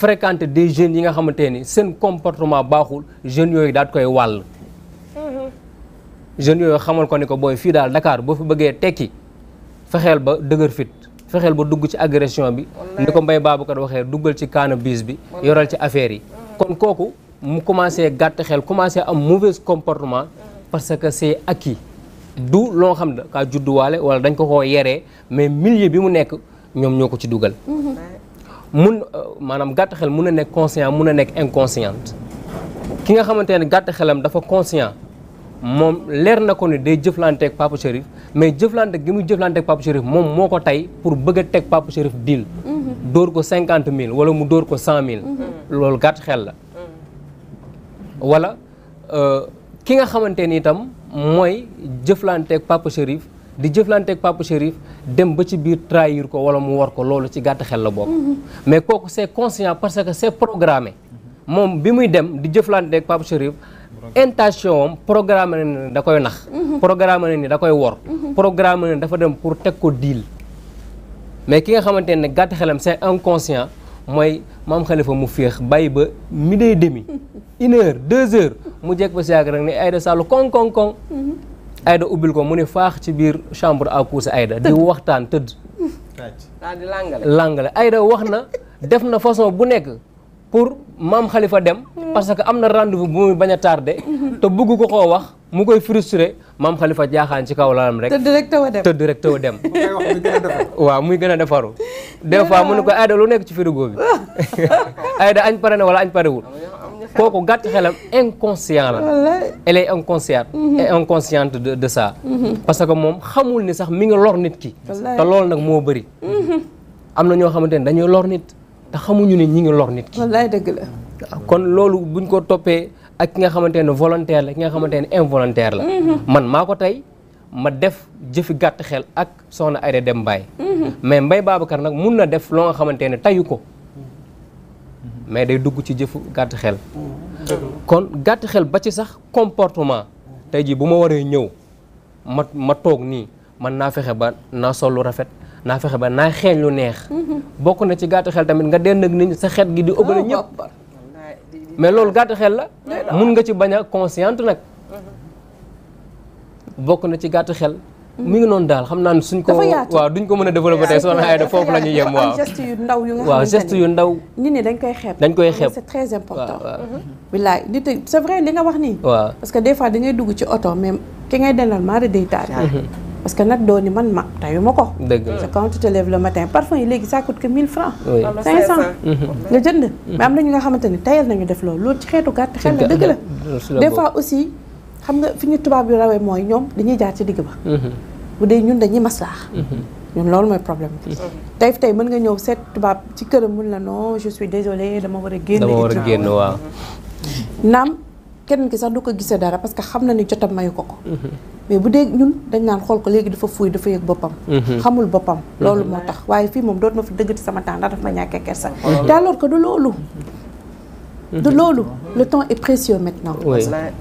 fréquenter des jeunes yi nga xamante ni seen comportement baxul jeunes yooyu daat koy wàll. Mhm. jeunes yoy xamal ko ni ko booy fii daal Dakar bo fi bëggé téki fexel ba deuguer fit fexel ba dugg ci agression bi. ni ko Mbaye Babacar waxee duggal ci cannabis bi. yoral ci affaire yi. Mhm. kon koku mu commencé gatt xel commencé am mauvais comportement. Mhm. parce que c'est acquis du lo xam ka juddu walé wala dañ ko koo yéré mais milieu bi mu nekk ñoom ñoo ko ci dugal mun euh, maanaam xel conscient nek inconsciente ki nga ne xelam dafa conscient mom day Papa Chérif mais jëflante gi muy Papa Chérif mom moko ko pour bëgg Chérif deal mhm. ko 50000 wala mu ko 100000 je suis xel la wala euh, ki nga xamante tam, moy Chérif di jëflanteek Papa Chérif dem ba ci biir trahir ko wala mu war ko loolu ci gàtt xel la bokk. mais kooku c'est conscient parce que c'est programmé. moom bi muy dem di jëflanteeg Papa Chérif intention programme na ni da koy nax. programme na ni da koy wor. programme na ni dafa dem pour teg ko deal. mais ki nga xamante ne gàtt xelam un inconscient mooy maam Khalifa mu féex bàyyi ba midi et demi une heure deux heures mu jekk ba si yàgg rek ne ay Sall koŋ Aida ubbil ko mu ne faax ci biir chambre ak coucher ayda di waxtaan tëdd di langale langale wax na def na façon bu nekk pour maam xalifa dem mm. parce que am na rendez-vous bu muy bañ a tardé mm-hmm. te bëgg ko koo wax mu koy frustré maam Khalifa jaaxaan ci kaw lalam rek tëdd rek taw a dem tëdd muy gën a defaru des fois mu ne ko Aida lu nekk ci frigo bi Aida añ pare na wala añ parewul kooku gàtt xelam inconscient la elle est inconsciente mhm. et inconsciente de de ça mhm. parce que moom xamul ni sax mi ngi lor nit ki te loolu nag moo bëri mhm. am na ñoo xamante ne dañuy lor nit te xamuñu ni ñi ngi lor nit ki wallaay dëgg la kon loolu buñ ko topé, ak ki nga xamante volontaire ak ki nga xamante involontaire la man maa tay, tey ma def jëfi gatt xel ak soxna Aïda dem bay mais Mbaye Babacar nak mun def lo nga xamante tayu ko mais day dugg ci jëfu gàtt xel mm-hmm. kon gàtt xel ba ci sax comportement tey jii bu ma waree ñëw ma ma toog nii man naa fexe ba naa sol lu rafet naa fexe ba naa xeeñ lu neex mm-hmm. bokk na ci gàtt xel tamit nga dend ak nit sa xet gi di ëbbale oh, ñëpp mais loolu gàtt xel la mun nga ci bañ a consciente nag mm-hmm. bokk na ci gàtt xel mi ngi noonu daal xam naa ne suñ ko waaw duñ ko mën a développé tey soxna Aida foofu la ñuy yu ndaw yu nga waaw koy xeeb dañ koy xeeb c'est très important bilaay mhm. di nga wax nii waaw que des fois da ngay dugg ci oto même ki ngay dendal maa mhm. parce que nag doo ni man ma tayu ma ko dëgg la quand tu te lèves le matin mhm. jënd mais am na ñu nga xamante ni tayal nañu def loolu loolu ci xeetu gàtt xel la dëgg la des aussi xam nga fi ñu tubaab yu rawee mooy ñoom dañuy jaar ci digg ba bu dee ñun dañuy maslaax. Mhm. ñun loolu mooy problème bi. Mhm. tey tey mën nga ñëw seet tubaab ci këram mun na non je suis désolé dama war a génn. dama war a génn mhm. naam kenn ki sax du ko gisee dara parce que xam na ni jotam mayu ko ko. mais bu dee ñun dañ naan xool ko léegi dafa fuuy dafa yëg boppam. xamul boppam. loolu moo tax waaye fii moom dootuma fi dëggati sama temps ndax daf ma ñàkkee kersa. Oh. te alors que du loolu. du mhm. loolu le temps est précieux maintenant.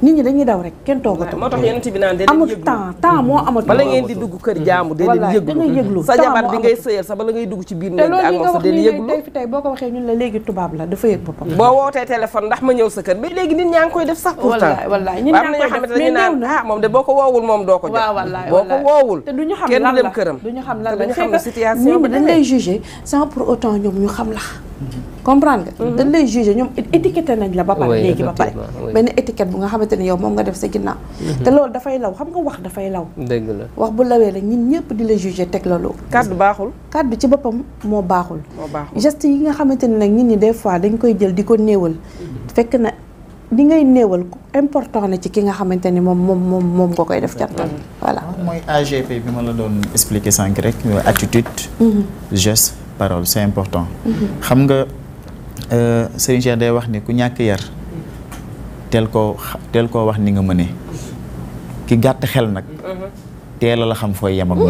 nit ñi dañuy daw rek kenn toogatul. moo tax yenn ci bi naan déedéet amul temps temps moo amatul. bala ngeen di dugg kër jaamu déedéet yëglu. voilà sa jabar bi ngay sëyal sa bala ngay dugg ci biir néeg bi ak sa déedéet yëglu. te loolu nga wax nii tey fi tey boo ko ñun la léegi tubab la dafa yëg boppam. bo wootee téléphone ndax ma ñew sa kër mais léegi nit ñang koy def sax. pourtant wallahi ñun ñaa ngi koy def mais néew na ah moom de boko ko woowul moom doo ko jot. boko wallaay boo te duñu xam lan la kenn du dem këram. duñu xam lan la situation bi dañ lay juger sans pour autant ñom ñu xam la mhm. comprendre nga. Mhm. dañ lay jugé ñoom étiqueté nañ la ba pare. léegi ba pare benn étiquette bu nga xamante ne yow moom nga def sa ginnaaw. Mhm. te loolu dafay law xam nga wax dafay law. dëgg la wax bu lawee rek ñun ñëpp di la jugé teg baaxul. kàddu ci boppam moo baaxul. moo yi nga xamante ne nag ñun ñi des fois dañ koy jël di ko néewal. Mhm. fekk na di ngay néewal important na ci ki nga xamante ni moom moom moom moom nga koy def jantal. voilà mooy AGP bi ma la doon expliquer sànq rek attitude. geste parole c'est important. xam Eh, Serigne Cheikh day wax ni ku ñak yar tel ko tel ko wax ni nga mëne ki gatt xel nak mhm. téla la xam foy yam ak mo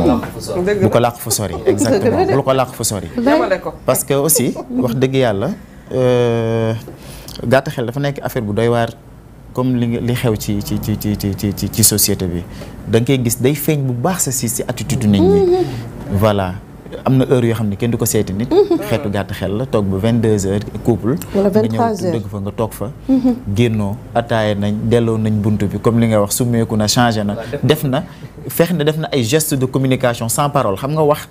bu ko laq fu sori exactement bu ko laq fu sori parce que aussi wax deug yalla euh gatt xel dafa nek affaire bu doy war comme li li xew ci ci ci ci ci ci ci société bi dang kay gis day feñ bu baax sa ci attitude nit ñi mhm. voilà am na heure yoo xam ne kenn du ko seeti nit. Mhm. xeetu gàtt xel la toog ba 22h couple. wala 23 nga fa nga toog fa. Mhm. génnoo ataaye nañ delloo nañ bunt bi comme li nga wax summeeku na changé na def na fex na def na ay geste de communication sans parole xam nga wax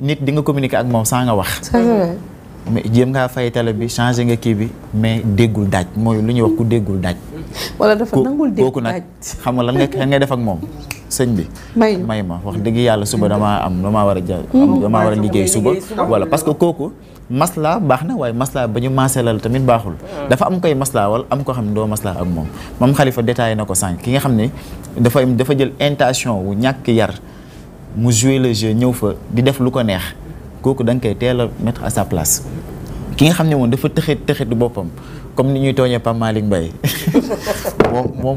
nit di nga communiquer ak moom saa nga wax. mais jéem ngaa fay télé bi changé nga kii bi mais déggul daaj mooy lu ñuy wax ku déggul daaj. wala dafa nangul déggul daaj nag xam nga lan nga def ak moom. sëñ bi may ma wax dëgg yàlla suba damaa am damaa war a ja damaa hmm? war a liggéey suba voilà parce que kooku maslaa baax na waaye maslaa ba ñu maaseelal tamit baaxul hmm. dafa am koy maslaawal am ko xam ne doo maslaa ak moom mam xalifa détaillé na ko sànq ki nga xam ne dafa dafa jël intention wu ñàkk yar mu jouer le jeu ñëw fa di def lu ko neex kooku da koy teel a mettre à sa place ki nga xam ne moom dafa tëxit tëxit boppam comme ni ñuy tooñee Pape Malick Mbaye moom moom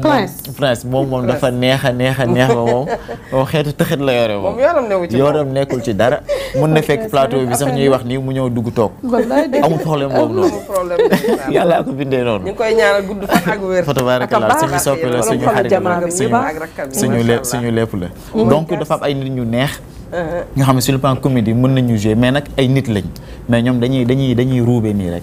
moom moom dafa neex a neex a neex ba moom moom xeetu tëxit la yore moom yoonam nekkul ci dara mun na fekk plateau bi sax ñuy wax nii mu ñëw dugg toog amul problème boobu noonu yàlla ko bindee noonu ñu koy ñaanal gudd fan ak wér fatabarakalla suñu soppi la suñu xarit la suñu suñu la donc dafa am ay nit ñu neex uh-huh. nga xam ne sur le plan mën nañu jouer mais nag ay nit lañ mais ñoom dañuy dañuy dañuy ruube nii rek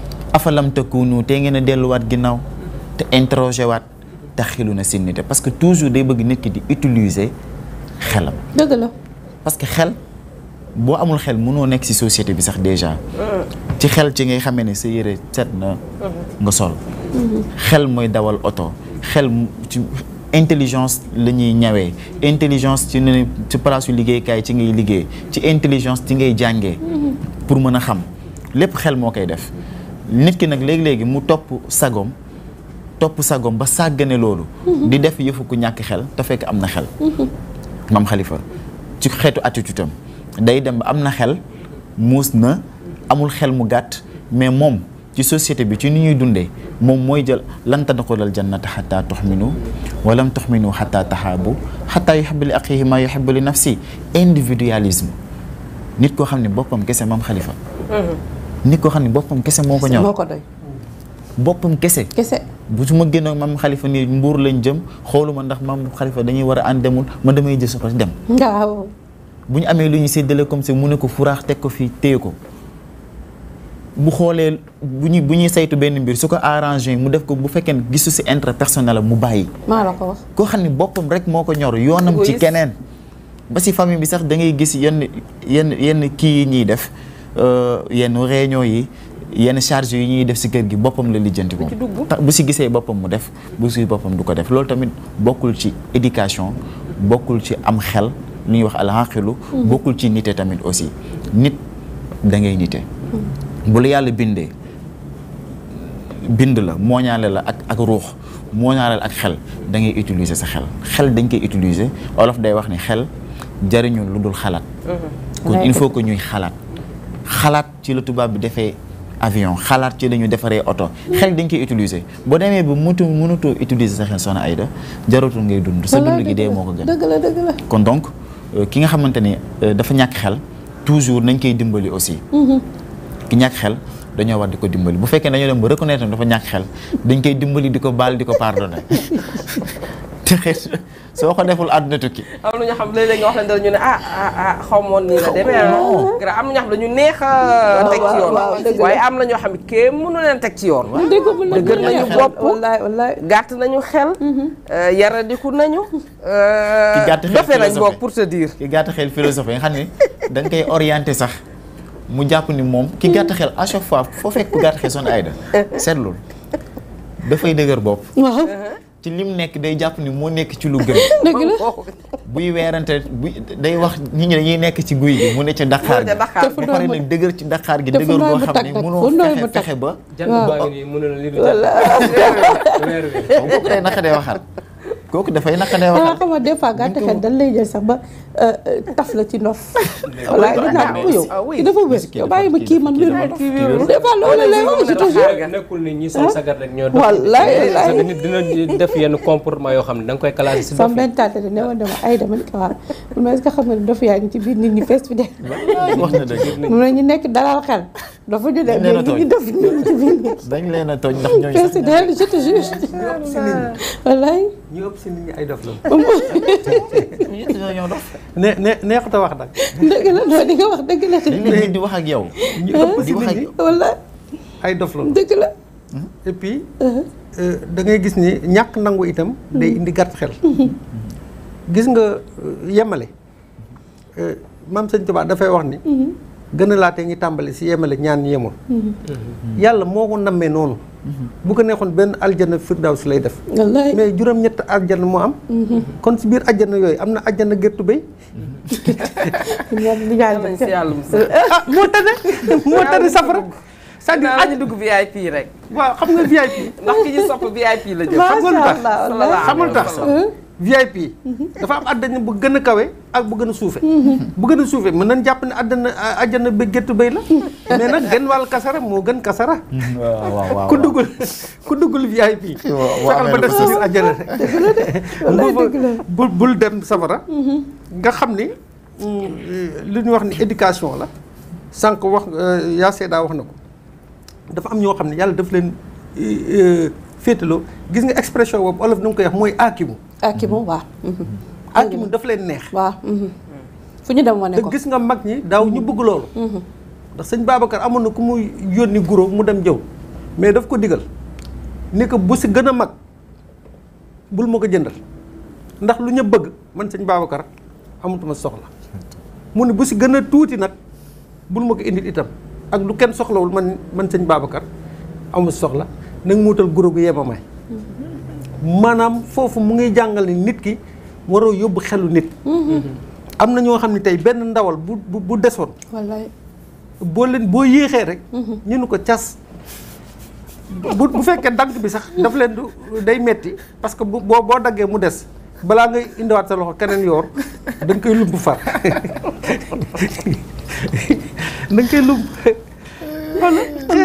afalam takunu te ngeen a delluwaat ginnaaw te interroger waat te xilu na sinnite parce que toujours day bëgg nit ki di utiliser xelam. la parce que xel boo amul xel mënoo nekk ci société bi sax déjà. ci xel ci ngay xamee ne sa yére set na nga sol. xel mooy dawal oto xel ci intelligence la ñuy ñawee intelligence ci ci palaasu liggéeykaay ci ngay liggéey ci intelligence ci ngay jàngee pour mën a xam lépp xel moo koy def. nit ki nag léegi-léegi mu topp sagoom topp sagoom ba sàggane loolu mhm. di def yëfu ku ñàkk xel te fekk am na xel maam mhm. xalifa ci xeetu attitude am day dem ba am na xel muus na amul xel mu gàtt mais moom ci société bi ci ni ñuy dundee moom mooy jël lanta lan tadxulal jannata xataa tuxminu walam tuxminu xataa taxaabu xataa yuxibu li axihi ma yuxibu li nafsi individualisme nit koo xam ne boppam kese maam xalifa mhm. nit ko xam ne boppam kese moo ko ñor moo ko boppam kese kese bu su ma génnoon maam xalifa nii mbuur lañ jëm xooluma ndax maam xalifa dañuy war a ànd demul ma damay jël soxla dem waaw bu ñu amee lu ñu séddale comme ça mu ne ko furaax teg ko fii téye ko bu xoolee bu ñuy bu ñuy saytu benn mbir su ko arrangé mu def ko bu fekkee ne gisu si intérêt personnel la mu bàyyi. maa koo xam ne boppam rek moo ko ñor yoonam ci keneen ba si famille bi sax dangay ngay gis yenn yenn yenn kii yi ñuy def Euh, yenn réunion yi yenn charge yi ñuy def si kër gi boppam la lijjanti moom bu si gisee boppam mu def bu si boppam du ko def loolu tamit bokkul ci éducation bokkul ci am xel lu ñuy wax xelu mhm. bokkul ci nite tamit aussi nit da ngay nite mhm. bu la yàlla bindee bind la mooñaale la ak ak ruux mooñaale la ak xel da ngay utiliser sa xel xel dañ koy utiliser olof day wax ni xel jariñul lu dul xalaat mhm. kon il faut que ñuy xalaat xalaat ci la tubaab bi defee avion xalaat ci la ñu defaree oto xel dañ koy utiliser boo demee ba mutu mënutoo utiliser sa xel soxna Aida jaratul ngay dund sa dund gi dee moo ko gën dëgg la dëgg la kon donc euh, ki nga xamante ne euh, dafa ñàkk xel toujours nañ koy dimbali aussi mm-hmm. ki ñàkk xel dañoo war di ko dimbali bu fekkee dañoo dem ba reconnaître dafa ñàkk xel dañ koy dimbali di ko baal di ko pardonner te xeetu soo ko deful àdduna tukki. am na ñoo xam léeg-léeg nga ñu ne ah, ah, ah xaw ma nii la am na ñoo xam ne ñu neex a. teg ci yoon waaye am na ñoo xam ne kenn mënu leen teg ci yoon. dëgër nañu bopp gàtt nañu xel. Mm-hmm. Euh, yaradiku nañu. ki euh, gàtt xel nañ boog pour te dire. gàtt xel philosophie nga xam ne da nga koy orienté sax mu jàpp ni moom ki gàtt xel à chaque fois foo fekk ku gàtt xel son ayda seetlul dafay dëgër bopp. ci lim nekk day jàpp ni moo nekk ci lu gën. dëgg buy weerante buy day wax nit ñi dañuy nekk ci guy gi mu ne ca Dakar gi. ba pare nag dëgër ci daqaar gi dëgër boo xam ne mënoo fexe fexe ba. waaw jant baa ngi nii naka day waxaat. kooku dafay naqadee wax. xam nga des fois gàtt xel dañ lay jël sax ba euh, euh, taf la ci nof. walaay dinaa ko yow ki ah dafa wér yow bàyyi ma kii man wér ma des fois loolu lay wax je te jure. nekkul ni ñi sol sagar rek ñoo doon. wallaay wallaay nit dina def yenn comportement yoo xam ne da nga koy classé si. sama benn tante de ne woon dama ay dama ni ko waaw mais est-ce que xam nga ne dof yaa ngi ci biir nit ñi fees bi de. wax na dëgg mun nañu nekk dalal xel. dafa ñu dem mais nit ñi def nit ñi ci biir nit. dañ leen a tooñ ndax ñooñu. fees bi de je te jure wallaay ñu ëpp si nit ñi ay dof la. ne ne neexut a wax nag. dëgg la non di wax dëgg la. di wax ak yow. ñu ëpp si nit ñi wala ay dof la dëgg la. Mmh. et puis. Mmh. Euh, gis ni ñàkk nangu itam. day mmh. indi gàtt xel. gis nga euh, yemale. Euh, maam sëñ Tuubaa dafay wax ni. gën a laatee tàmbali si yemale ñaan yemul mm-hmm. yàlla moo ko nammee noonu mm-hmm. bu ko neexoon benn aljana firdaws lay def mais juróom-ñett aljana moo am mm-hmm. kon si biir aljana yooyu am na aljana gërtu béy moo tane moo tane safara c'est-à-dire aji dugg VIP rek waaw xam nga VIP ndax ki ñu sopp VIP la jël xam tax xam tax VIP. Mhm. dafa am àddana bu gën a kawe ak bu gën a suufe mhm. bu gën a suufe mën nañ jàpp ne àddana àjjana ba géttu bay la mhm. mais nag gën wàll kasara moo gën kasara ku duggul ku duggul VIP saxal ba def suñu àjjana bu bul dem safara nga xam ni mm, li ñu wax ni éducation la sànq wax euh, yaa seedaa wax na ko dafa am ñoo xam ne yàlla daf leen euh, euh, féetaloo gis nga expression boobu olof na nga koy wax mooy aakimu akimu ah, waaw mhm. akimu ah, daf leen neex waaw mhm. fu ñu dem wane ko gis nga mag ñi daaw ñu mhm. bëgg loolu ndax sëñ Babacar amoon na ku mu yónni guro mu dem jëw mais daf ko digal ni ko bu si gën mag bul ma ko jëndal ndax lu ñu bëgg man sëñ Babacar amatuma soxla mu ne bu si gën tuuti nag bul ma indi itam ak lu kenn soxlawul man man sëñ Babacar amul soxla nag mu guro gu yema may maanaam foofu mu ngi jàngale nit ki waroo yóbbu xelu nit. Mm-hmm. am na ñoo xam ne tey benn ndawal bu bu bu desoon. wallaay boo leen boo yéexee rek. Mm-hmm. ñu nu ko cas. bu bu fekkee dagg bi sax daf leen du day metti parce que bu boo boo daggee mu des balaa ngay indiwaat sa loxo keneen yoor da nga koy lump far da nga koy lump.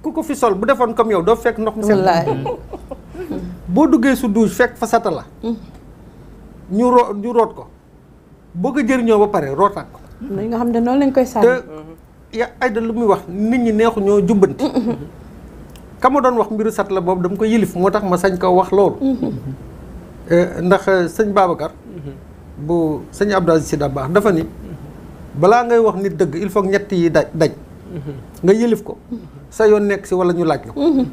kuko fi sol bu defone comme yow do fek nok mu sel bo duggee su douche fek fa sata la mm. ñu ro ñu rot ko ba pare rotak. ko li nga xam ne lañ koy sal ya ya ayda lu muy wax nit ñi neexu ñoo jubanti mm-hmm. ka ma doon wax mbiru sat la boobu dam ko yelif motax ma sañ ko wax euh ndax eh, señ babakar mm-hmm. bu señ Abdou sidda bax dafa ni bala ngay wax nit deug il faut ñetti daj nga yëlif ko sa yoon nekk si wala ñu laaj la ko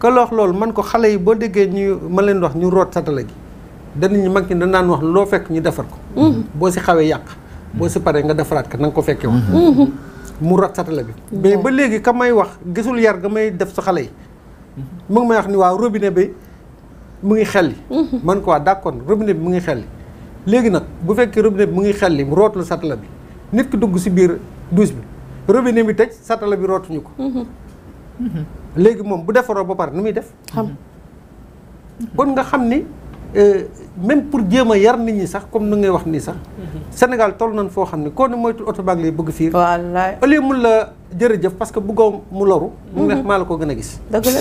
que loolu man ko xale yi boo déggee ñu ma leen wax ñu root satala gi danañu mag ñi danaan wax loo fekk ñu defar ko boo si xawee yàq boo si paree nga defaraat ko na nga ko fekkee wax mu root satala bi mais ba léegi ka may wax gisul yar ga may def sa xale yi mu ngi may wax ni waaw robine bi mu ngi xel li man ko waa d'accord robinet bi mu ngi xel li léegi nag bu fekkee robinet bi mu ngi xel li root la satala bi nit ki dugg si biir douche bi robinet bi tej satala bi rootuñu ko. Mm-hmm. legi mom bu defaro ba par numuy def. xam mm-hmm. kon nga xam ni euh, même pour djema yar nit ñi sax comme nu ngay wax ni sax. Mm-hmm. senegal toll nañ fo xamni ko koo ne moytul oto baag lay bëgg fi wallahi au mu la la jërëjëf parce que bëggoo mu loru. mu neex mal ko gëna gis. dëgg la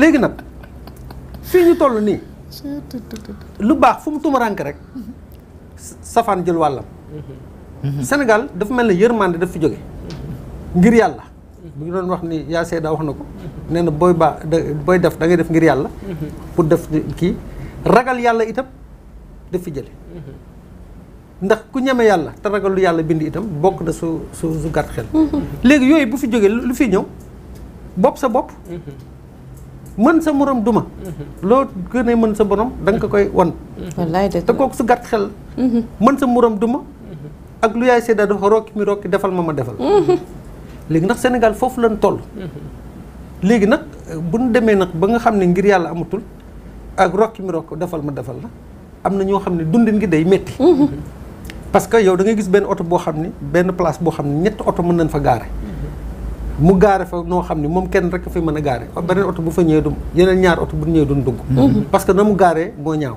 legi nak fi ñu toll ni lu baax fu mu tumarank rek safaan jël walam Mhm. Sénégal dafa mel ne yërmande daf fi jóge ngir yàlla mhm. bu ñu doon wax ni yaa seeda wax na ko nee na booy ba booy def dangay def ngir yàlla mhm. pour def kii ragal yàlla itam daf fi jële ndax ku ñeme yàlla te ragalu yàlla bind itam bokk na su su su xel léegi yooyu bu fi jógee lu fi ñëw bopp sa bopp mën sa moroom duma loo gën a mën sa borom da ko koy wan wallaay te kooku su gàtt xel mën sa moroom duma ak lu yaay sedda dafa rokki mi rokki defal ma ma defal mm-hmm. léegi ndax Sénégal foofu lañ toll mm-hmm. léegi nag bu ñu demee nag ba nga xam ne ngir yàlla amatul ak rokki mi rokk defal ma defal la am na ñoo xam ne dundin gi day métti mm-hmm. parce que yow da ngay gis benn oto boo xam ne benn place boo xam ne ñett oto mën nañ fa gaare mu gaare fa noo xam ne moom kenn rek a fi mën a gaare beneen oto bu fa ñëwee du yeneen ñaar oto bu ñëwee duñ dugg parce que na mu gaaree moo ñaaw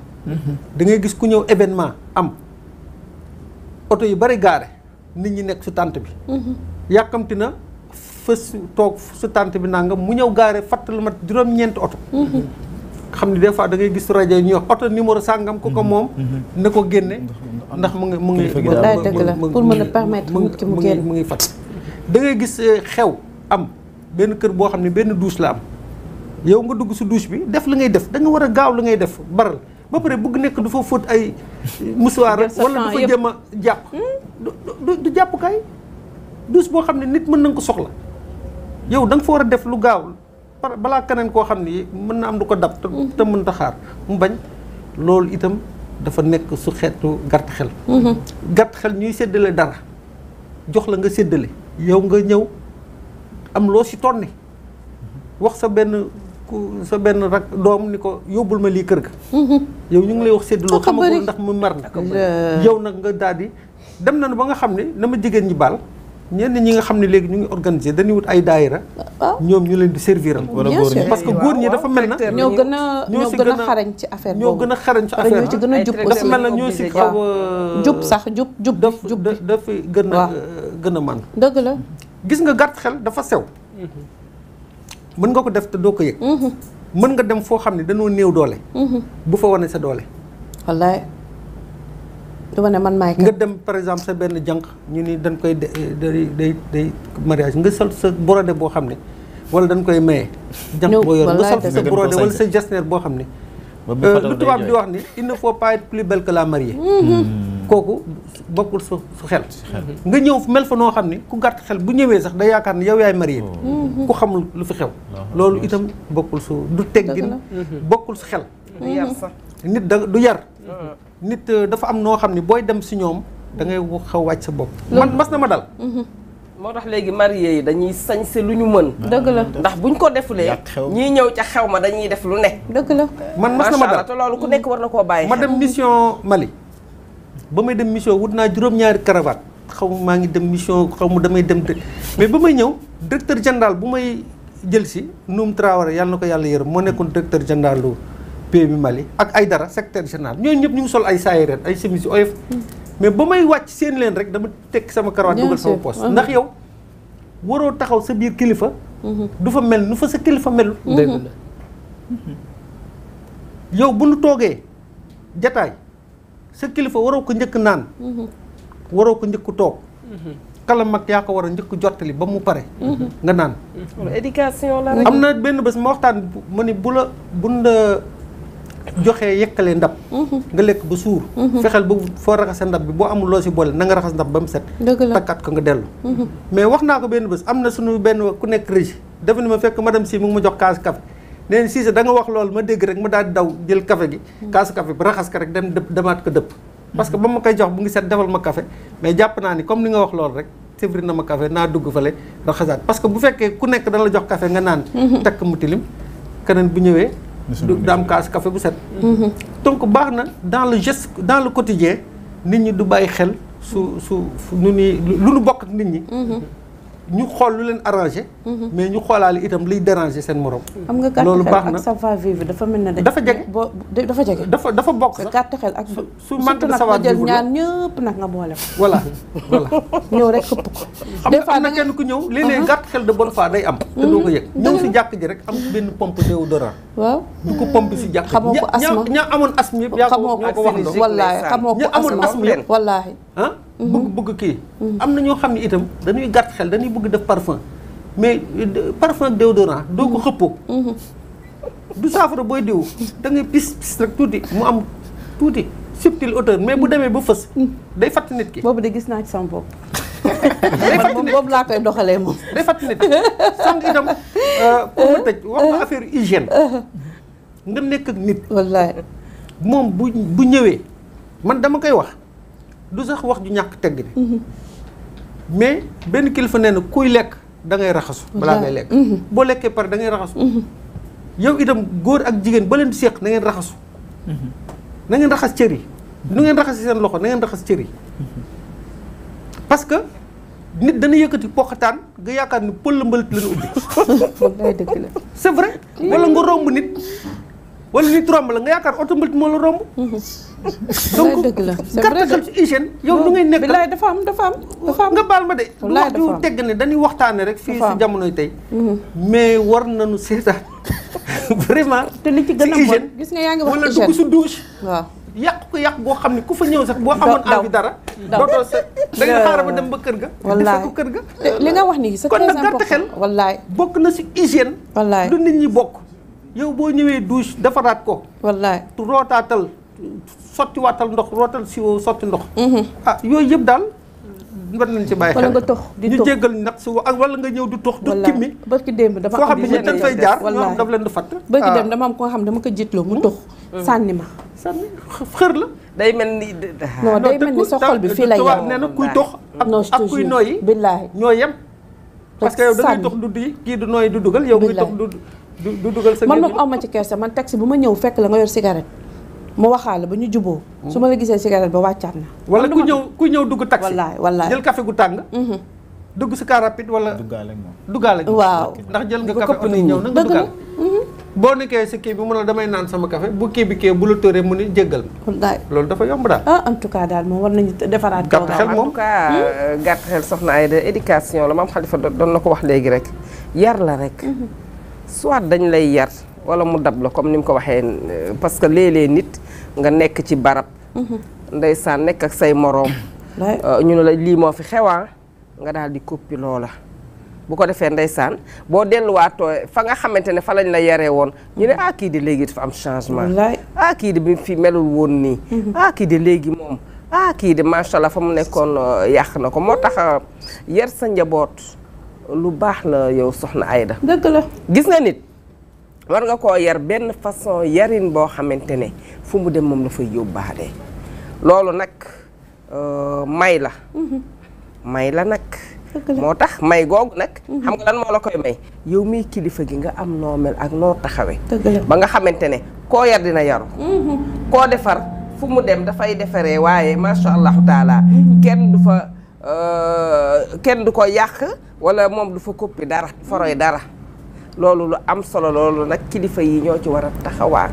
auto yu bari garé nit ñi nek su tante bi mhm. yakamti na fës tok su tante bi nangam mu ñew garé fàttalu mat juroom ñent auto mhm. xamni ni des fois da ngay gis radio ñu ñuy wax oto numéro sangam ko ko mhm. mom ne ko génne ndax mu ngi ah, mu ngi pour mën permettre nit ki mu génn mu ngi fat da ngay gis eh, xew am ben kër bo xamni ben douche la am yow nga dugg su douche bi def li ngay def da nga wara a gaaw li ngay def baral ba pare bëgg nek du fa fóot ay musuwaar wala du fa jëm japp du du japp kay dus bo xamni nit mën nañ ko soxla yow dang fa wara def lu gaaw bala kenen ko xamni mën na am du ko dab te hmm. mën ta xaar mu bañ lool itam dafa nek su xettu gart xel hmm. gart xel ñuy séddale dara jox la nga séddale yow nga ñew am lo ci tonne wax sa ben sa ben rak dom niko ko ma li keur ga hmm yow ñu ngi lay wax xam xamagul ndax mu mar nak yow nak nga daldi dem nañu ba nga xamni ne na ñi bal ñen ñi nga xamni ne ñu ngi organiser dañuy wut ay daaira ah. ñom ñu leen di servir serviral wala goor ñi parce que goor ñi dafa melna ñoo gëna ñoo gëna xarañ ci affaire ñoo gëna xarañ ci affaire ñoo ci gëna jup dafa melna ñoo ci xaw jup sax jup jup daf jub dafa gëna euh, gëna man deug la gis nga gàtt xel dafa sew mhm. mën nga ko def te do ko yek mën nga dem foo xam ne dañoo néew doole. Mhm. bu fa wane sa doole. wallaay. du ma ne man maay nga dem par exemple sa benn jànq ñu ni dañ koy de day day day mariage nga sol sa brodé boo xam ne wala dañ koy maye. jànq boo yor nga sol sa brodé wala sa jasneer boo xam ne. Euh, lu tubaab bi wax ni il ne faut plus belle la mariée. Mhm. kooku bokkul su sa xel mm-hmm. nga ñëw mel fa noo xam ne ku gàtt xel bu ñëwee sax day yaakaar ne yow yaay marié bi oh. mm-hmm. ku xamul lu fi xew ah, ah, loolu itam bokkul su du teggin mm-hmm. bokkul su xel nit da du yar nit euh, dafa am noo xam ne booy dem si ñoom da ngay xaw wàcc sa bopp man mas na ma dal moo tax léegi marié yi dañuy sañ sañse lu ñu mën ah, dëgg la ndax buñ ko defulee ñii ñëw ca xew ma dañuy def lu ne dëgg la man mas na ma dal te loolu ku nekk war na koo bàyyi ma dem mission Mali ba may dem mission wut naa juróom-ñaari cravate xaw maa ngi dem mission xaw mu damay dem mais ba may ñëw directeur général bu may jël si Noum Traoré yàlla na ko yàlla yërëm moo nekkoon directeur général lu PMI Mali ak ay dara secrétaire général ñooñu ñëpp ñu ngi sol ay saayireen ay chemise oyof mais ba may wàcc seen leen rek dama tekk sama cravate dugal sama poste ndax yow waroo taxaw sa biir kilifa du fa mel nu fa sa kilifa melu yow bu nu toogee jataay sa kilifa waro ko ñëk naan mhm. waro ko njëkk toog mhm. kala mak ya ko war ñëk jotali ba mu pare mhm. nga naan éducation la am na benn bés mo waxtaan mo ni bula bunda bun la joxee yekkale ndab nga lekk ba suur fexeel ba foo raxase ndab bi bo amul lo ci bol na nga raxas ndab bam set takkaat ko nga dellu mais waxna ko benn bés amna suñu benn ku nekk riche dafa ni ma fekk madame si mu ngi ma jox kaas café nee na Cissé da wax loolu ma dégg rek ma daal di daw jël café gi hmm. kaasu café bi raxas ko rek dem dëpp demaat ko dëpp parce que ba ma koy jox bu ngi seet defal ma café mais jàpp naa ni comme ni nga wax loolu rek sévri na ma café naa dugg fale raxasaat parce que bu fekkee ku nekk dana la jox café nga naan hmm. takk mu tilim keneen bu ñëwee du am kaas café bu set hmm. donc baax na dans le geste dans le quotidien nit ñi du bàyyi xel su su nu ñuy lu nu bokk nit ñi ñu xool lu leen arrangé. Mhm. mais ñu xoolaale itam liy dérangé seen morom. xam nga gàtt xel ak savoir dafa mel ne. dafa jege dafa jeg dafa dafa bokk sax gàtt ak. su manque de savoir vivre la nag nga jël ñaar ñëpp nag nga boole ko. voilà voilà. ñëw na kenn ku ñëw mhm. léeg-léeg gàtt de bonne foi day am. te doo ko yëg mhm. ñëw si jàkk ji rek am benn pompe déodorant. waaw du ko pompe si ko ña ña amoon asma yëpp. yaa ko ñoo ko wax xamoo ko asma wallaahi xamoo ko asma wallaahi Mm-hmm. bëgg bëgg kii. Mm-hmm. am na ñoo xam ne itam dañuy gàtt xel dañuy bëgg def parfum mais euh, parfum ak déodorant doo ko mm-hmm. xëppoo. du saafara booy diw da ngay pis rek tuuti mu am tuuti subtil hauteur mais bu demee ba fës. day fàtt nit ki. boobu de gis naa ci sama bopp. day fàtt nit boobu laa koy doxalee moom. day fàtt itam euh, pour ma tëj wax nga uh-huh. affaire hygiène. Uh-huh. nga nekk ak nit. wallaay moom bu bu ñëwee man dama koy wax. du sax wax ju ñàkk tegg ni mhm. mais benn kilifa nee na kuy lekk da ngay raxasu balaa ngay lekk mhm. boo lekkee pare da ngay raxasu mhm. yow itam góor ak jigéen ba leen di seeq na ngeen raxasu na ngeen raxas cër yi nu ngeen raxas seen loxo na raxas cër yi parce que nit dana yëkkati poqataan nga yaakaar ni pël mbalit la ñu ubbi. wallaay dëgg la. c'est vrai wala nga romb nit wala nit romb la nga yaakaar oto mbalit moo la romb. donc gàtt xam ci hygiène. yow lu ngay nekk bilaay dafa am dafa am dafa am nga baal ma de. wax ju tegg ne dañuy waxtaane rek. fii si jamonoy tey. Mhm. mais war nañu seetaat vraiment. te li ci gën a bon gis nga yaa ngi wax hygiène wala dugg su douche. waaw yàq ko yàq boo xam ne ku fa ñëw sax boo amoon envie dara. dootoo sa da nga xaaral ba dem ba kër ga. wallaay ko kër ga. li nga wax nii c'est très important kon nag gàtt xel. wallaay bokk na si hygiène. wallaay du nit ñi bokk. yow boo ñëwee douche defaraat ko. wallaay rootaatal sottiwaatal ndox rootal siwo sotti ndox. Mhm. ah yooyu yëpp daal. war nañ ci bàyyi xel wala nga tox di tox ñu jéggal nag su ak wala nga ñëw du tox du kimmi barki démb dama am di xam ne fay jaar ñoom daf leen di fàtt barki démb ah. dama am koo xam dama ko jiitloo mu tox mm. sànni ma sànni xër la day mel ni non day mel ni sa xol bi fii la yow nee na kuy tox ak kuy nooyi billaahi ñoo yem parce que yow da ngay tox du di kii du nooyi du dugal yow ngay tox du du dugal sa man moom aw ma ci kersa man taxi bu ma ñëw fekk la nga yor cigarette ma waxaale ba ñu juboo su ma la gisee cigarette ba wàccaat na wala ku ñëw ku ñëw dugg taxi wallaay wallaay jël café gu tàng mhm. dugg si car rapide wala duggaale moom duggaale waaw ndax jël nga café oto ñëw na nga duggaal mhm. boo nekkee sa kii bi mu ne damay naan sama café bu kii bi kii bu la tëree mu ne jéggal ma loolu dafa yomb daal ah en tout cas daal moom war nañu defaraat gàtt xel moom en tout cas hmm? euh, gàtt xel soxna Aïda éducation la maam Khalifa doon la ko wax léegi rek yar la rek mhm. soit dañ lay yar wala mu dab la comme ni mu ko waxee euh, parce que léeg-léeg nit nga nekk ci barab. Mhm. ndeysaan nekk ak say moroom. Euh, ñu ne la lii moo fi xewaa ah, nga daal di koppi loola. bu ko defee ndeysaan boo delluwaatoo fa nga xamante ne fa lañ la yaree woon ñu ne mhm. ah kii de léegi dafa am changement. ah kii de bi fi melul woon nii. Mhm. ah kii de léegi moom ah kii de macha allah fa mu nekkoon euh, yàq na ko moo tax yar sa njaboot. lu baax la yow soxna Aida. dëgg la gis nga nit war nga koo yar benn façon yarin boo xamante ne fu mu dem moom la fay yóbbaale loolu nag euh, may la. Mhm. may la nag. moo tax may googu nag. Mhm. xam nga lan moo la koy may. yow miy kilifa gi nga am noo mel ak noo taxawee. ba nga xamante ne koo yar dina yaru. Mhm. koo defar fu mu dem dafay defaree waaye macha allahu taala kenn du fa. Euh, kenn du ko yàq wala moom du fa koppi dara foroy dara loolu lu am solo loolu nag kilifa yi ñoo ci war a taxawaat.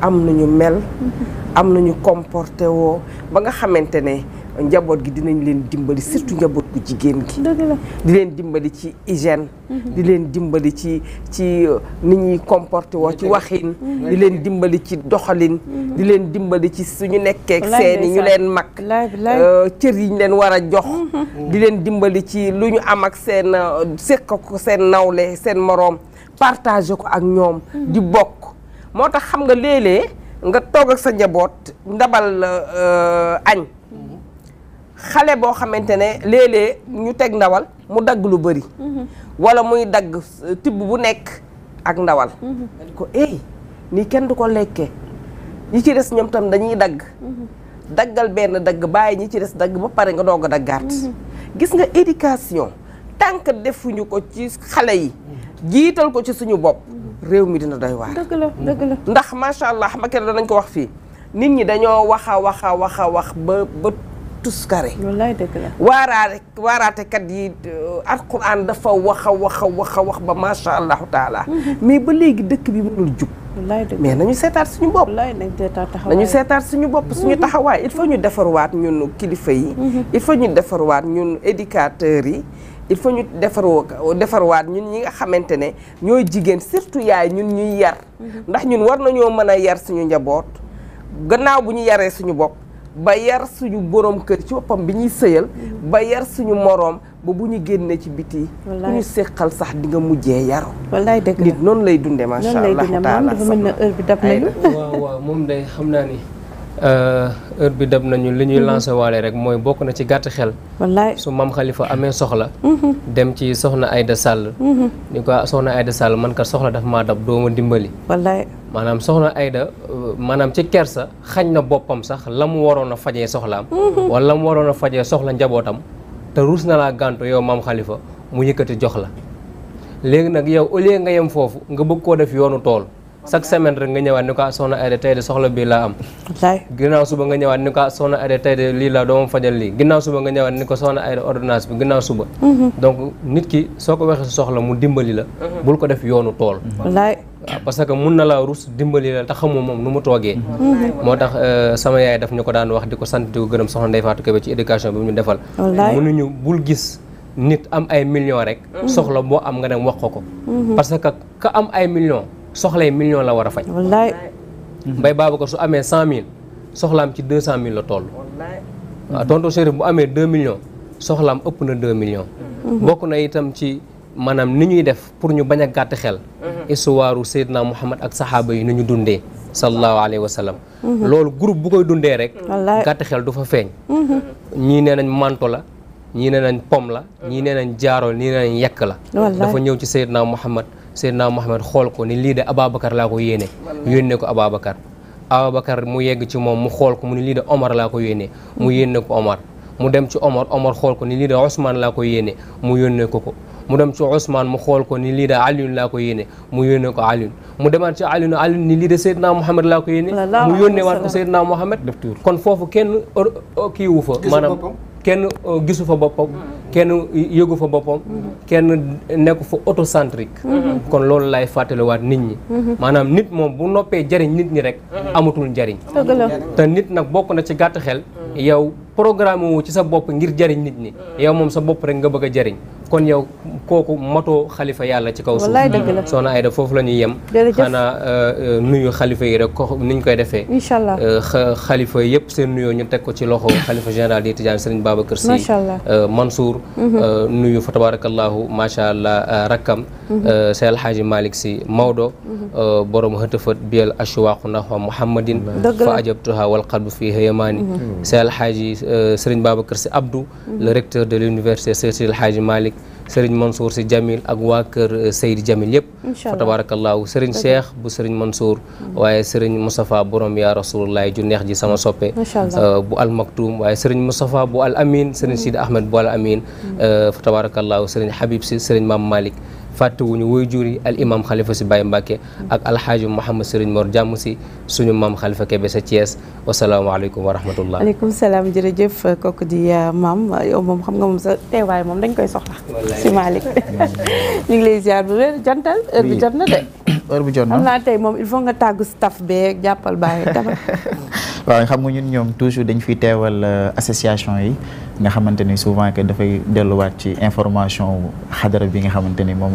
am nañu mel. Mm-hmm. am nañu comporté woo ba nga xamante ne. njaboot gi dinañ leen dimbali surtout njaboot gu jigéen gi di leen dimbali ci hygiène mhm. di leen dimbali ci ci euh, ni ñuy comporté woo ci waxin mhm. di leen dimbali ci doxalin mhm. di leen dimbali ci suñu nekkeek seeni ñu leen mag euh, cër yi ñu leen war a jox di leen dimbali ci lu ñu am ak seen euh, séq ko seen nawle seen moroom partagé ko ak ñoom di bokk moo tax xam nga léeg-léeg nga toog ak sa njaboot ndabal añ xale boo xamante ne léeg-léeg ñu teg ndawal mu dagg lu bëri. wala muy dagg euh, tibb bu nekk ak ndawal. ko eh nii kenn du ko lekkee ñi ci des ñoom tam dañuy dagg. daggal benn dagg bàyyi ñi ci des dagg ba pare nga doog a daggaat. gis nga éducation tànk defuñu ko ci xale yi. jiital ko ci suñu bopp. réew mi dina doy waar. ndax macha allah xam nga dañ ko wax fii nit ñi dañoo wax a wax a wax ba ba. tuskare wallaay dëgg la waaraare waaraatekat yi euh, alquran dafa wax a wax a wax a wax ba macha allahu taala mhm. mais ba léegi dëkk bi mënul jub mais nañu seetaat suñu bopp nañu seetaat suñu bopp suñu mhm. taxawaay il faut ñu waat ñun kilifa yi mhm. il faut ñu waat ñun éducateurs yi il faut ñu defaroo defarwaat ñun ñi nga xamante ne ñooy jigéen surtout yaay ñun ñuy yar ndax ñun war nañoo mën a yar suñu njaboot gannaaw bu ñu yaree suñu bopp Bayar suñu borom kër ci bopam bi ñuy bayar suñu morom bu buñu génnee ci biti ñu sékkal sax di nga mujjé yar wallahi deug nit non lay ma sha allah taala lay dundé ma dafa mel heure bi dab nañu waaw waaw mom day xamna ni Euh, heure bi dem nañu li ñuy mhm. lancé waale rek mooy bokk na ci gàtt xel. wallaay su maam Khalifa amee soxla. Mhm. dem ci soxna Aida Sall. Mhm. ni ko ah, soxna Aida Sall man kat soxla dafa maa dab doo ma dimbali. wallaay maanaam soxna Aida euh, maanaam ci kersa xañ na boppam sax la mu waroon a fajee soxlaam. wala la mu waroon a fajee soxla njabootam. te ruus na laa gàntu yow maam Khalifa mu yëkkati jox la léegi nag yow au lieu nga yem foofu nga bëgg koo def yoonu tool. chaque semaine rek nga ñëwaat ni ko ah, soxna Aida tey de soxla bii laa am ginnaaw suba nga ñëwaat ni ko ah, soxna Aida tey de lii laa doomam fajal lii ginnaaw suba nga ñëwaat ni ko soxna Aida ordonnance bi ginnaaw suba mhm. donc nit ki soo ko waxee soxla mu dimbali la mhm. bul ko def yoonu tool waaw ah, parce que mun na laa rus dimbali la te xamoo moom nu mu toogee mhm. moo tax euh, sama yaay daf ñu ko daan wax di ko sant di ko gërëm soxna Ndeye Fatou Kébé ci éducation bi mu ñu defal mënuñu bul gis nit am ay millions rek soxla boo am nga dem wax ko ko parce que ka am ay millions soxlay million la war a faj. wallaay. Mbaye ko su amee cent mille soxlaam ci deux cent mille la toll. waaw tonton Chérif bu amee deux millions soxlaam ëpp na deux million mhm. bokk na itam ci maanaam ni ñuy def pour ñu bañ a gàtt xel. Mhm. istuwaaru Seydina Muhammad ak saxaaba yi ni ñu dundee. sallallahu alayhi wa sallam. Mhm. loolu groupe bu koy dundee rek. gàtt xel du fa feeñ. ñii nee nañ manto la ñii nee nañ pom la ñii nee nañ jaaro ñii nee nañ yekk la. dafa ñëw ci Seydina Muhammad Seydina Muhammad xool ko ni lii de Ababacar laa ko yéene yónnee ko Ababacar mu yegg ci moom mu xool ko mu ni lii de Omar laa ko yéene mu yénne ko Omar mu dem ci Omar Omar xool ko ni lii de Ousmane laa ko yéene mu yónnee ko ko mu dem ci Ousmane mu xool yéene mu yónnee ko Alioune mu demaat ci Alioune Alioune ni lii de Seydina Mohamed laa ko yéene mu yónnee waat ko Seydina Mohamed kon foofu kenn uh, uh, kii fa maanaam kenn uh, gisu fa boppam kenn yëgu fa boppam kenn nekku fa autocentrique kon loolu lay fàttaliwaat nit ñi maanaam nit moom bu noppee jariñ nit ñi rek mhm. amatul njariñ te nit nag bokk na ci gàtt xel yow programme wu ci sa bopp ngir jariñ nit ñi mm. yow moom sa bopp rek nga bëgg a jariñ kon yow kooku matoo xalifa yàlla ci kaw suuf soxna Aida foofu la ñuy yem xanaa euh, euh, nuyu xalifa yi rek ko niñ koy defee incha allah euh, xalifa yëpp seen nuyoo ñu teg ko ci loxo xalifa général di Tijaan Sëriñ Babacar Sy Mansour mm-hmm. nuyu fa tabarakallahu macha allah rakkam mm-hmm. Seydi Alxaaji Malick Sy Maodo mm-hmm. borom xëtëfat biyal ashwaqu nahwa muhammadin fa ajabtuha wal qalbu fi hayamani الحاج سرين بابا كرسي أبدو الريكتور دي لونيفرسي سرين الحاج مالك سرين منصور سي جميل أقواكر سيد جميل يب تبارك الله سرين شيخ بو سرين منصور وعي سرين مصطفى بروم يا رسول الله جو نيخ جي سما سوبي بو المكتوم وعي سرين مصطفى بو الأمين سرين سيد أحمد بو الأمين تبارك الله سرين حبيب سي سرين مام مالك fàttewuñu woy juri al imam xalifa si Baye Mbacke ak alxaaji Mouhamed Serigne Mor jàmm si suñu maam xalifa Kebe sa Thiès wasalaamaaleykum wa rahmatullah aleykum salaam jërëjëf kooku di euh, maam yow moom xam nga sa teewaay moom dañ koy soxla si Malick ñu ngi lay ziar bu wér jantal tey moom il faut nga tàggu staff beeg jàppal bàyyi dama waaw xam nga ñun ñoom toujours dañ fi teewal euh, association yi nga xamante ni souvent que dafay delluwaat ci information xadara bi nga xamante moom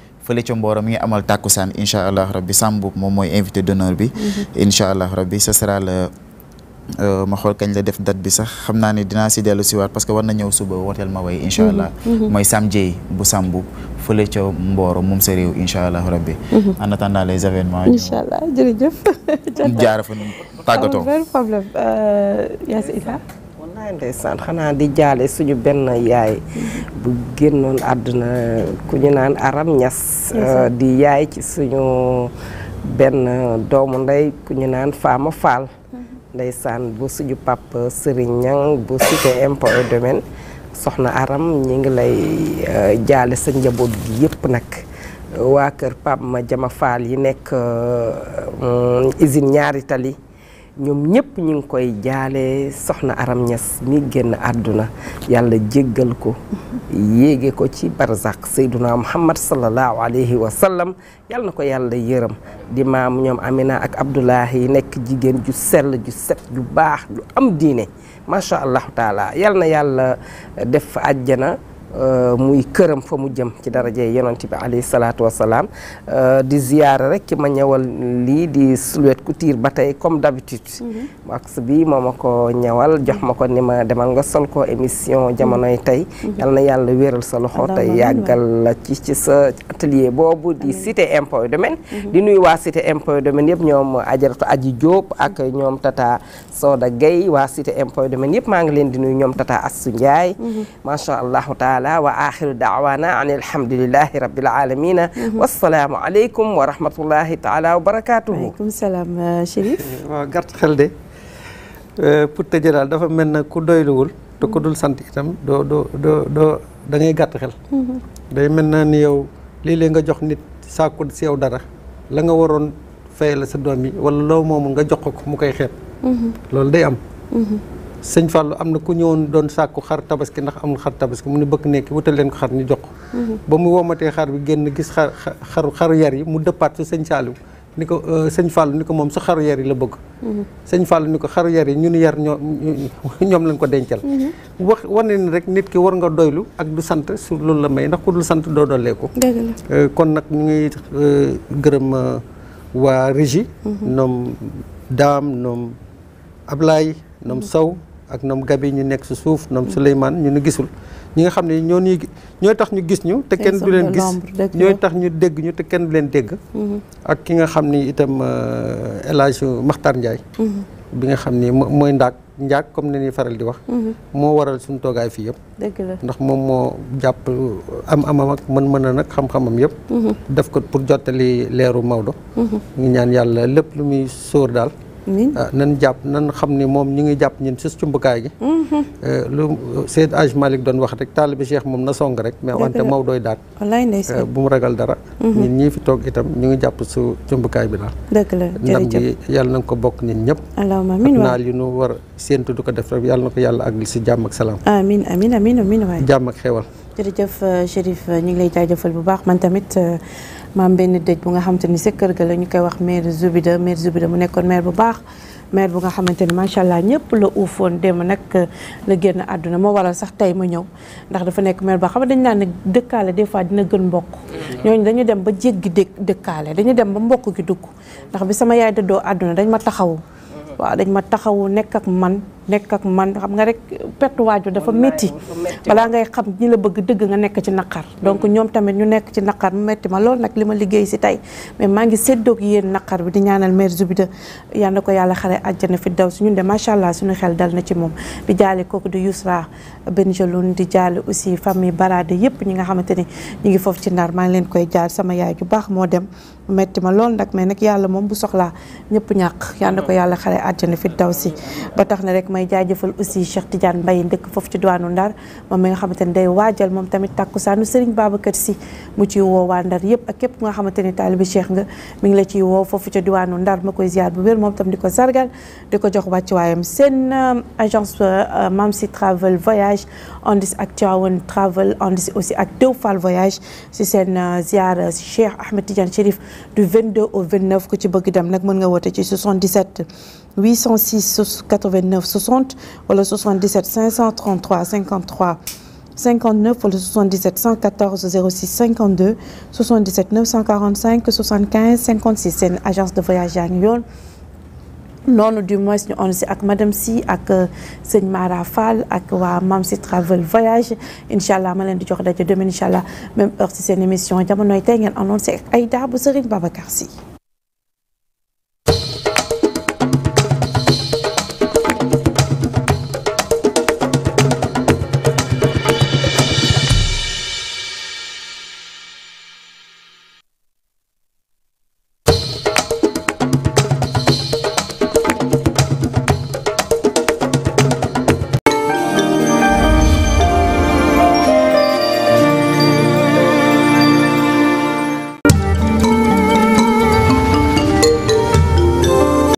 fële ca Mboro mi ngi amal tàkkusaan incha allah rabbi Samboub moom mooy invité d'honneur bi. Mm-hmm. incha rabbi ce euh, ma xool kañ la def date bi sax xam naa ne dinaa si dellu siwaat parce que war na ñëw suba wooteel ma way incha mm-hmm. Mm-hmm. mooy Sam Dieye bu Samboub fële ca Mboro moom sa réew incha allah rabbi. en attendant les événements. incha allah jërëjëf. jaara waaw ndeysaan xanaa di jaale suñu benn yaay bu génnoon àdduna ku ñu naan Aram Ñas euh, di yaay ci suñu benn doomu ndey ku ñu naan Fama Fall mm-hmm. ndeysaan bu suñu pap Serigne Niang bu cité impôt et domaine soxna Aram ñu ngi lay euh, jaale sa njaboot gi yëpp nag waa kër pap ma jama Fall yi nekk euh, mm, usine ñaari tali ñoom ñëpp ñu ngi koy jaale soxna Aram Ñas mi génn àdduna yàlla jéggal ko yéege ko ci barzak sayduna muhammad salallahu alayhi wa sallam yàlla na ko yàlla yërëm dimaam maam ñoom Amina ak Abdoulahi nekk jigéen ju sell ju set ju baax ju am diine macha allahu taala yàlla na yàlla def àjjana Euh, muy këram fa mu jëm ci daraje yonent bi alayhi salaatu wasalaam euh, di ziyaara rek ma ñawal lii di ku tiir ba tey comme d'habitude mhm. wax bi moo ma ko ñawal jox ma ko ni ma demal nga sol ko émission jamonoy mhm. tey mhm. yal na yàlla wéral sa loxo tey yàggal la ci ci sa atelier boobu di cité impôt domaine di nuyu waa cité impôt domaine yëpp ñoom ajaratu aji Diop ak ñoom tata Soda Gueye waa cité impôt domaine yëpp maa ngi leen di nuyu ñoom tata Assou Ndiaye masha allahu taala تعالى وآخر دعوانا عن الحمد لله رب العالمين والسلام عليكم ورحمة الله تعالى وبركاته عليكم السلام آه، شريف وقرت اه، خلدي اه، بوتة جلال دفع من كودو يلول تو كودو لسانتك تم دو دو دو دو دنجي قرت خل دي من نيو ليلي نغا جوخ نيت ساكود سيو دارا لنغا ورون فايل سدوامي ولو مومو نغا جوخوك مكاي خير ام sëñ Fallou am na ku ñëwoon doon sàkku xar tabaski ndax amul xar tabaski mu ne bëgg nekk wutal leen ko xar ñu jox mhm. ba mu womatee xar bi génn gis xar xaru xaru yar yi mu dëppaat su sëñ Saliou ni ko euh, sëñ Fallou ni ko moom su xaru yar yi la bëgg mhm. sëñ Fallou ni ko xaru yar yi ñu ni yar ñoo ñoom lañ ko dencal mhm. wax wane ni rek nit ki war nga doylu ak du sant su loolu la may ndax ku dul sant doo doolee ko euh, kon nag ñu ngi euh, gërëm waa régie ñoom daam ñoom Ablaye ñoom Sow ak ñoom Gabi ñu nekk si suuf ñoom Souleymane ñu nu gisul ñi nga xam ne ñoo ñuy ñooy tax ñu gis ñu te kenn du leen gis ñooy tax ñu dégg ñu te kenn du leen dégg mm-hmm. ak ki nga xam ni itam euh, El Hadj Makhtar Ndiaye mm-hmm. bi nga xam ni mooy ndaak njaag comme ni ñuy faral di wax mm-hmm. moo waral suñu toogaay fii yëpp ndax moom moo jàpp am amam ak mën mën na nag xam-xamam yëpp def ko pour jottali leeru Maodo ñu ñaan yàlla lépp lu muy soor daal Ah, nan jàpp nan xam ne moom ñu ngi jàpp ñun sus cumbukaay gi mhm. eh, lu Seydi Aj Malick doon wax rek taalibi Cheikh moom na song rek mais wante maw dooy daat bu mu ragal dara mhm. ñun ñii fi toog itam ñu ngi jàpp su cumbukaay bi daal dëgg la ndam bi yàlla na ko bokk ñun ñëpp xam naa li nu war séentu du ko def rek yàlla na ko yàlla àggal si jàmm ak salaam jàmm ak xewal jërëjëf Chérif ñu ngi lay jaajëfal bu baax man tamit Mam benn deh, bu nga xamante ni sa kër ga la ñu koy wax maire Zubida maire Zubida mu nekkoon maire bu baax maire bu nga ni macha allah ñëpp la deh dem nag euh, la génn aduna moo waral sax tey ma ñëw ndax dafa nekk maire deh xam ne dañu naan ne dëkkaale des fois dina gën mbokk. Mm-hmm. ñooñu dañu dem ba jéggi dë dëkkaale dañu dem ba mbokk gi dugg ndax bi sama yaay dëddoo àdduna dañ ma taxawu. Mm-hmm. waaw dañ ma taxawu nekk ak man. nekk ak man xam nga rek perte waajur dafa métti balaa ngay xam ñi la bëgg dëgg nga nekk ci naqar donc ñoom tamit ñu nekk ci naqar mu métti ma loolu nag li ma liggéey si tey maa ngi séddoog yéen naqar bi di ñaanal mère Zubida yal na ko yàlla xare àjjana fi daw si ñun de macha allah suñu xel dal na ci moom di jaale kooku di Yousra Benjeloun di jaale aussi famille Barade yëpp ñi nga xamante ni ñu ngi ci Ndar maa ngi leen koy jaar sama yaay ju baax moo dem metti ma lool nag mais nag yàlla moom bu soxlaa ñëpp ñàkk yal ko yàlla xare àjjana fi daw si ba tax na rek may jaajëfal aussi Cheikh Tidiane Mbaye dëkk foofu ci diwaanu Ndar moom mi nga xamante ni day waajal moom tamit tàkkusaanu Serigne Babacar Sy mu ciy woowaa Ndar yëpp ak képp nga xamante ni taalibi Cheikh nga mi ngi la ciy woo foofu ca diwaanu Ndar ma koy ziar bu wér moom tam di ko sargal di ko jox wàccuwaayam seen euh, agence euh, Mamsi Travel Voyage andis ak Tivaouane Travel andis aussi ak Dew Fall Voyage si seen euh, ziar Cheikh Ahmed Tidiane Chérif du 22 au 29 ku ci bëgg dem nag mën nga woote ci 77 806 89 60 ou le 77 533 53 59 ou le 77 114 06 52 77 945 75 56 agence de voyage à du moins on madame si avec Mam travel voyage Inch'Allah, demain Inch'Allah, même heure si une émission annoncé avec Aïda bu